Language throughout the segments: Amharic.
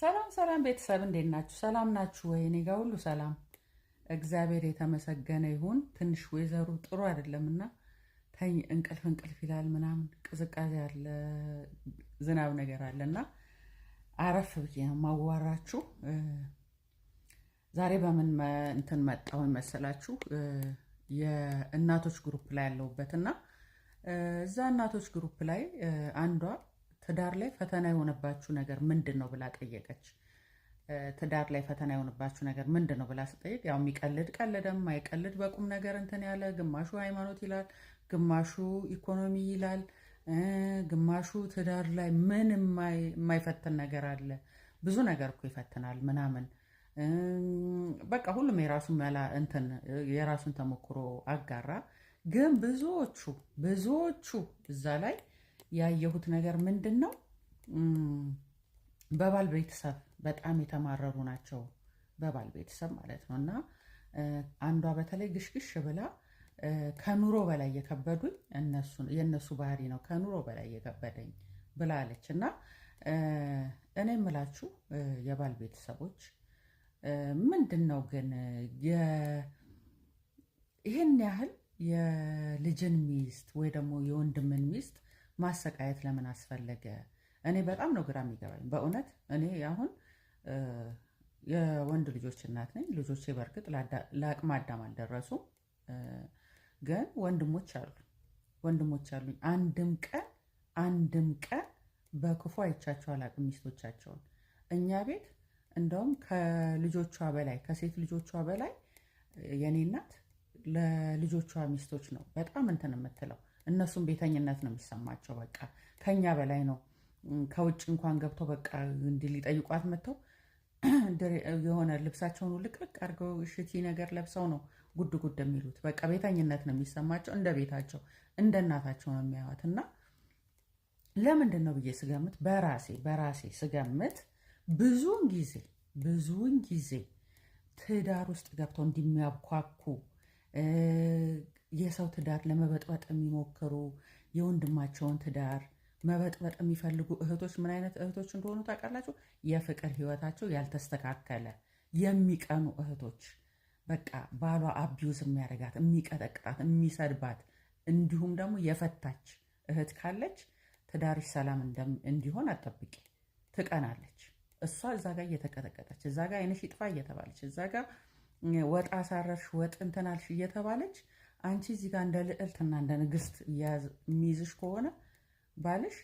ሰላም ሰላም ቤተሰብ እንዴት ናችሁ? ሰላም ናችሁ ወይ? እኔ ጋር ሁሉ ሰላም እግዚአብሔር የተመሰገነ ይሁን። ትንሽ ወይዘሩ ጥሩ አይደለም እና ተኝ እንቅልፍ እንቅልፍ ይላል ምናምን ቅዝቃዜ አለ ዝናብ ነገር አለ እና አረፍ ብዬ ነው ማዋራችሁ። ዛሬ በምን እንትን መጣው መሰላችሁ? የእናቶች ግሩፕ ላይ ያለሁበት እና እዛ እናቶች ግሩፕ ላይ አንዷ ትዳር ላይ ፈተና የሆነባችሁ ነገር ምንድን ነው ብላ ጠየቀች። ትዳር ላይ ፈተና የሆነባችሁ ነገር ምንድን ነው ብላ ስጠይቅ፣ ያው የሚቀልድ ቀለደም የማይቀልድ በቁም ነገር እንትን ያለ ግማሹ ሃይማኖት ይላል፣ ግማሹ ኢኮኖሚ ይላል፣ ግማሹ ትዳር ላይ ምን የማይፈትን ነገር አለ? ብዙ ነገር እኮ ይፈትናል ምናምን በቃ ሁሉም የራሱ መላ እንትን የራሱን ተሞክሮ አጋራ። ግን ብዙዎቹ ብዙዎቹ እዛ ላይ ያየሁት ነገር ምንድን ነው? በባል ቤተሰብ በጣም የተማረሩ ናቸው። በባል ቤተሰብ ማለት ነው። እና አንዷ በተለይ ግሽግሽ ብላ ከኑሮ በላይ የከበዱኝ የእነሱ ባህሪ ነው፣ ከኑሮ በላይ የከበደኝ ብላለች። እና እኔ የምላችሁ የባል ቤተሰቦች ምንድን ነው ግን ይህን ያህል የልጅን ሚስት ወይ ደግሞ የወንድምን ሚስት ማሰቃየት ለምን አስፈለገ? እኔ በጣም ነው ግራ የሚገባኝ በእውነት እኔ አሁን የወንድ ልጆች እናት ነኝ። ልጆቼ በእርግጥ ለአቅመ አዳም አልደረሱም፣ ግን ወንድሞች አሉ ወንድሞች አሉኝ። አንድም ቀን አንድም ቀን በክፉ አይቻቸው አላቅም ሚስቶቻቸውን። እኛ ቤት እንደውም ከልጆቿ በላይ ከሴት ልጆቿ በላይ የኔ እናት ለልጆቿ ሚስቶች ነው በጣም እንትን የምትለው እነሱም ቤተኝነት ነው የሚሰማቸው። በቃ ከኛ በላይ ነው። ከውጭ እንኳን ገብተው በቃ እንዲህ ሊጠይቋት መጥተው የሆነ ልብሳቸውን ውልቅልቅ አድርገው ሽቲ ነገር ለብሰው ነው ጉድ ጉድ የሚሉት። በቃ ቤተኝነት ነው የሚሰማቸው። እንደ ቤታቸው እንደ እናታቸው ነው የሚያዩት። እና ለምንድን ነው ብዬ ስገምት በራሴ በራሴ ስገምት ብዙውን ጊዜ ብዙውን ጊዜ ትዳር ውስጥ ገብተው እንዲሚያኳኩ? የሰው ትዳር ለመበጥበጥ የሚሞክሩ የወንድማቸውን ትዳር መበጥበጥ የሚፈልጉ እህቶች ምን አይነት እህቶች እንደሆኑ ታውቃላችሁ? የፍቅር ህይወታቸው ያልተስተካከለ የሚቀኑ እህቶች፣ በቃ ባሏ አቢዩዝ የሚያደርጋት የሚቀጠቅጣት፣ የሚሰድባት እንዲሁም ደግሞ የፈታች እህት ካለች ትዳርሽ ሰላም እንዲሆን አጠብቂ። ትቀናለች። እሷ እዛ ጋር እየተቀጠቀጠች እዛ ጋር አይነሽ ይጥፋ እየተባለች እዛ ጋር ወጥ አሳረርሽ ወጥ እንትናልሽ እየተባለች አንቺ እዚህ ጋር እንደ ልዕልትና እንደ ንግስት የሚይዝሽ ከሆነ ባልሽ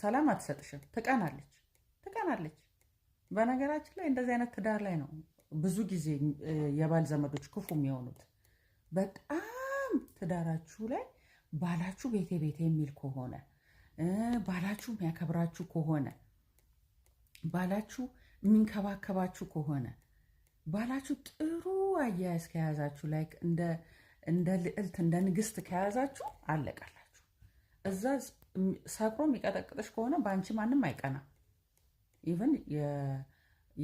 ሰላም አትሰጥሽም። ትቀናለች ትቀናለች። በነገራችን ላይ እንደዚህ አይነት ትዳር ላይ ነው ብዙ ጊዜ የባል ዘመዶች ክፉ የሚሆኑት። በጣም ትዳራችሁ ላይ ባላችሁ ቤቴ ቤቴ የሚል ከሆነ ባላችሁ የሚያከብራችሁ ከሆነ ባላችሁ የሚንከባከባችሁ ከሆነ ባላችሁ ጥሩ አያያዝ ከያዛችሁ ላይ እንደ እንደ ልዕልት እንደ ንግስት ከያዛችሁ አለቃላችሁ። እዛ ሰክሮ የሚቀጠቅጥሽ ከሆነ በአንቺ ማንም አይቀናም። ኢቨን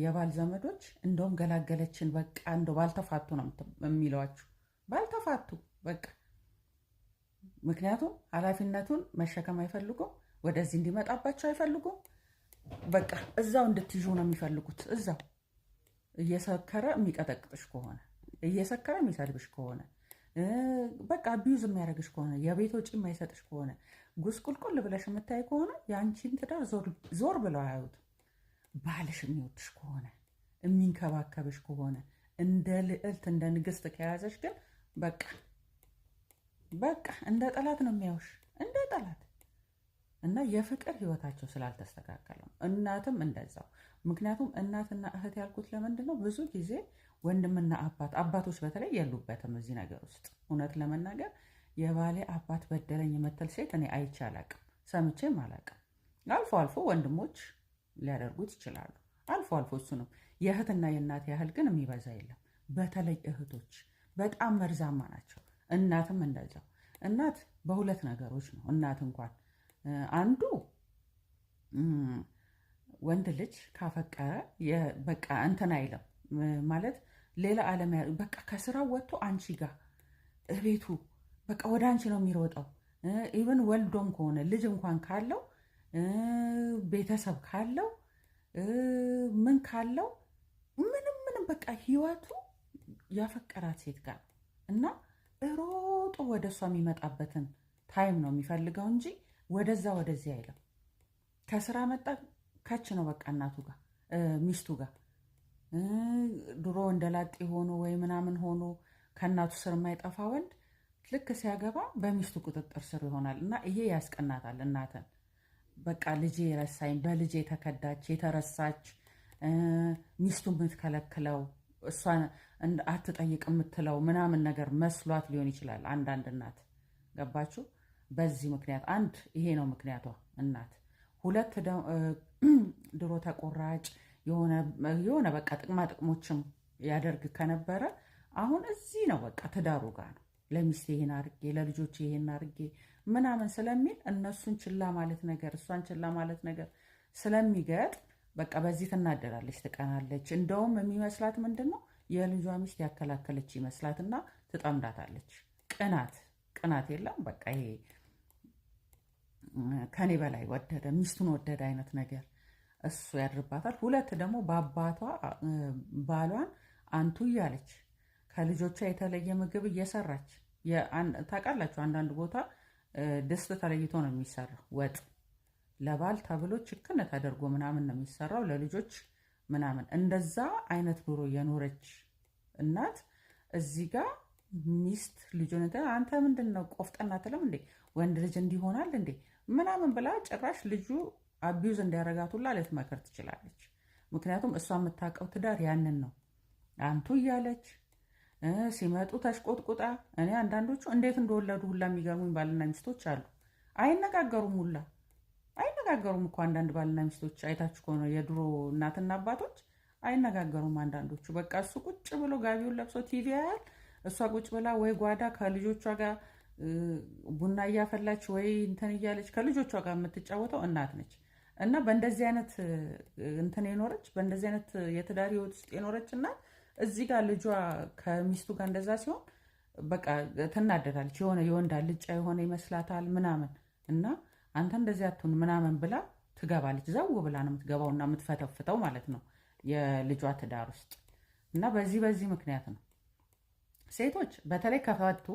የባል ዘመዶች እንደውም ገላገለችን በቃ እንደ ባልተፋቱ ነው የሚለዋችሁ። ባልተፋቱ በቃ ምክንያቱም ኃላፊነቱን መሸከም አይፈልጉም። ወደዚህ እንዲመጣባቸው አይፈልጉም። በቃ እዛው እንድትይዙ ነው የሚፈልጉት። እዛው እየሰከረ የሚቀጠቅጥሽ ከሆነ እየሰከረ የሚሰልብሽ ከሆነ በቃ አቢዩዝ የሚያደርግሽ ከሆነ የቤት ወጪ የማይሰጥሽ ከሆነ ጉስቁልቁል ብለሽ የምታይ ከሆነ የአንቺን ትዳር ዞር ብለው አያዩት። ባልሽ የሚወድሽ ከሆነ የሚንከባከብሽ ከሆነ እንደ ልዕልት እንደ ንግስት ከያዘሽ ግን በቃ በቃ እንደ ጠላት ነው የሚያዩሽ እንደ ጠላት እና የፍቅር ህይወታቸው ስላልተስተካከለም እናትም እንደዛው። ምክንያቱም እናትና እህት ያልኩት ለምንድን ነው? ብዙ ጊዜ ወንድምና አባት አባቶች በተለይ የሉበትም እዚህ ነገር ውስጥ እውነት ለመናገር የባሌ አባት በደለኝ የምትል ሴት እኔ አይቼ አላቅም፣ ሰምቼም አላቅም። አልፎ አልፎ ወንድሞች ሊያደርጉት ይችላሉ። አልፎ አልፎ እሱንም የእህትና የእናት ያህል ግን የሚበዛ የለም። በተለይ እህቶች በጣም መርዛማ ናቸው። እናትም እንደዛው። እናት በሁለት ነገሮች ነው እናት እንኳን አንዱ ወንድ ልጅ ካፈቀረ በቃ እንትን አይለም ማለት ሌላ ዓለም በቃ ከስራው ወጥቶ አንቺ ጋር እቤቱ በቃ ወደ አንቺ ነው የሚሮጠው። ኢቨን ወልዶም ከሆነ ልጅ እንኳን ካለው ቤተሰብ ካለው ምን ካለው ምንም ምንም በቃ ህይወቱ ያፈቀራት ሴት ጋር እና ሮጦ ወደ እሷ የሚመጣበትን ታይም ነው የሚፈልገው እንጂ ወደዛ ወደዚህ አይለም። ከስራ መጣ ከች ነው በቃ እናቱ ጋር ሚስቱ ጋር ድሮ እንደላጤ ሆኖ ወይ ምናምን ሆኖ ከእናቱ ስር የማይጠፋ ወንድ ልክ ሲያገባ በሚስቱ ቁጥጥር ስር ይሆናል እና ይሄ ያስቀናታል እናትን በቃ ልጄ የረሳኝ በልጄ የተከዳች የተረሳች ሚስቱ የምትከለክለው እሷን አትጠይቅ የምትለው ምናምን ነገር መስሏት ሊሆን ይችላል አንዳንድ እናት ገባችሁ በዚህ ምክንያት አንድ ይሄ ነው ምክንያቷ እናት። ሁለት ድሮ ተቆራጭ የሆነ በቃ ጥቅማ ጥቅሞችም ያደርግ ከነበረ አሁን እዚህ ነው በቃ ትዳሩ ጋር ነው። ለሚስት ይሄን አርጌ ለልጆች ይሄን አርጌ ምናምን ስለሚል እነሱን ችላ ማለት ነገር እሷን ችላ ማለት ነገር ስለሚገጥ በቃ በዚህ ትናደራለች፣ ትቀናለች። እንደውም የሚመስላት ምንድን ነው የልጇ ሚስት ያከላከለች ይመስላትና ትጠምዳታለች ቅናት ቅናት የለም። በቃ ይሄ ከኔ በላይ ወደደ ሚስቱን ወደደ አይነት ነገር እሱ ያድርባታል። ሁለት ደግሞ በአባቷ ባሏን አንቱ እያለች ከልጆቿ የተለየ ምግብ እየሰራች ታውቃላችሁ፣ አንዳንድ ቦታ ድስት ተለይቶ ነው የሚሰራው ወጥ ለባል ተብሎ ችክን ተደርጎ ምናምን ነው የሚሰራው ለልጆች ምናምን። እንደዛ አይነት ኑሮ የኖረች እናት እዚህ ጋር ሚስት ልጁን አንተ ምንድን ነው ቆፍጠን አትልም እንዴ? ወንድ ልጅ እንዲሆናል እንዴ ምናምን ብላ ጭራሽ ልጁ አቢዩዝ እንዲያረጋቱላ ልትመክር ትችላለች። ምክንያቱም እሷ የምታውቀው ትዳር ያንን ነው። አንቱ እያለች ሲመጡ ተሽቆጥቁጣ። እኔ አንዳንዶቹ እንዴት እንደወለዱ ሁላ የሚገርሙኝ ባልና ሚስቶች አሉ። አይነጋገሩም ሁላ አይነጋገሩም እኮ አንዳንድ ባልና ሚስቶች አይታችሁ ከሆነ የድሮ እናትና አባቶች አይነጋገሩም። አንዳንዶቹ በቃ እሱ ቁጭ ብሎ ጋቢውን ለብሶ ቲቪ ያያል እሷ ቁጭ ብላ ወይ ጓዳ ከልጆቿ ጋር ቡና እያፈላች ወይ እንትን እያለች ከልጆቿ ጋር የምትጫወተው እናት ነች። እና በእንደዚህ አይነት እንትን የኖረች በእንደዚህ አይነት የትዳር ህይወት ውስጥ የኖረች እናት እዚህ ጋር ልጇ ከሚስቱ ጋር እንደዛ ሲሆን በቃ ትናደዳለች። የሆነ የወንድ አልጫ የሆነ ይመስላታል ምናምን እና አንተ እንደዚህ አትሁን ምናምን ብላ ትገባለች። ዘው ብላ ነው የምትገባው እና የምትፈተፍተው ማለት ነው የልጇ ትዳር ውስጥ እና በዚህ በዚህ ምክንያት ነው ሴቶች በተለይ ከፈቱ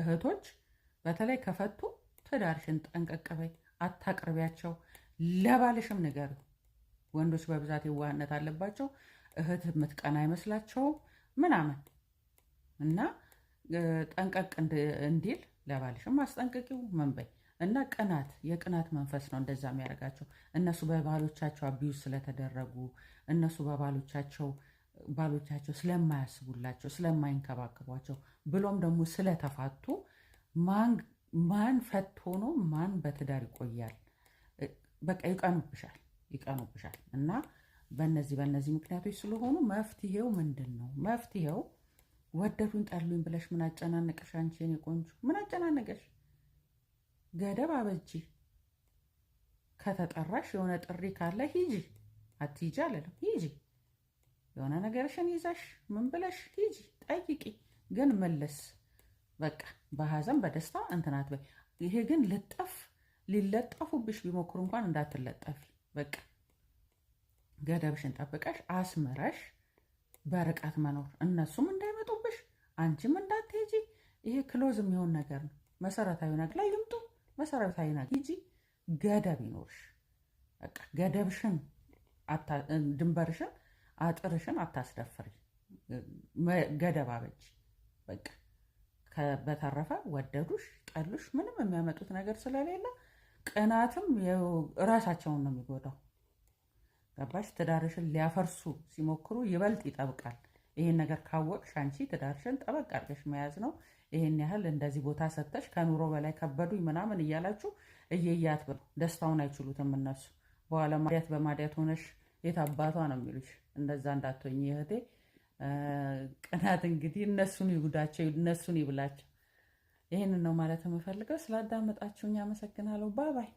እህቶች በተለይ ከፈቱ ትዳርሽን ጠንቀቅበይ አታቅርቢያቸው፣ ለባልሽም ንገር። ወንዶች በብዛት የዋህነት አለባቸው። እህት የምትቀና አይመስላቸውም ምናምን እና ጠንቀቅ እንዲል ለባልሽም አስጠንቅቂው። መንበይ እና ቅናት የቅናት መንፈስ ነው እንደዛ የሚያደርጋቸው። እነሱ በባሎቻቸው አቢዩዝ ስለተደረጉ እነሱ በባሎቻቸው ባሎቻቸው ስለማያስቡላቸው፣ ስለማይንከባከቧቸው ብሎም ደግሞ ስለተፋቱ ማን ፈት ሆኖ ማን በትዳር ይቆያል? በቃ ይቀኑብሻል ይቀኑብሻል። እና በነዚህ በነዚህ ምክንያቶች ስለሆኑ መፍትሄው ምንድን ነው? መፍትሄው ወደዱን ጠሉኝ ብለሽ ምን አጨናነቀሽ? አንቺ የኔ ቆንጆ ምን አጨናነቀሽ? ገደብ አበጂ። ከተጠራሽ የሆነ ጥሪ ካለ ሂጂ፣ አትሂጂ አለለም ሂጂ የሆነ ነገርሽን ይዘሽ ምን ብለሽ ሂጂ ጠይቂ፣ ግን መለስ በቃ በሀዘን በደስታ እንትናት በይ። ይሄ ግን ልጠፍ ሊለጠፉብሽ ቢሞክሩ እንኳን እንዳትለጠፊ በቃ ገደብሽን ጠብቀሽ አስምረሽ በርቀት መኖር እነሱም እንዳይመጡብሽ አንቺም እንዳትሄጂ። ይሄ ክሎዝ የሚሆን ነገር ነው። መሰረታዊ ነገር ላይ ይምጡ። መሰረታዊ ነገር ሂጂ፣ ገደብ ይኖርሽ በቃ ገደብሽን ድንበርሽን አጥርሽን አታስደፍሪ፣ ገደብ አበጅ። በቃ በተረፈ ወደዱሽ ጠሉሽ ምንም የሚያመጡት ነገር ስለሌለ ቅናትም ራሳቸውን ነው የሚጎዳው። ገባሽ? ትዳርሽን ሊያፈርሱ ሲሞክሩ ይበልጥ ይጠብቃል። ይሄን ነገር ካወቅሽ አንቺ ትዳርሽን ጠበቅ አድርገሽ መያዝ ነው። ይህን ያህል እንደዚህ ቦታ ሰጥተሽ ከኑሮ በላይ ከበዱኝ ምናምን እያላችሁ እየያት ደስታውን አይችሉትም እነሱ በኋላ ማዲያት በማዲያት ሆነሽ የት አባቷ ነው የሚሉሽ። እንደዛ እንዳትሆኝ እህቴ። ቅናት እንግዲህ እነሱን ይጉዳቸው፣ እነሱን ይብላቸው። ይህንን ነው ማለት የምፈልገው። ስላዳመጣችሁኝ አመሰግናለሁ። ባባይ